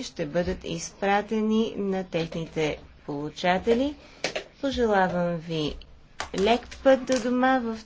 ще бъдат изпратени на техните получатели. Пожелавам ви лек път до дома в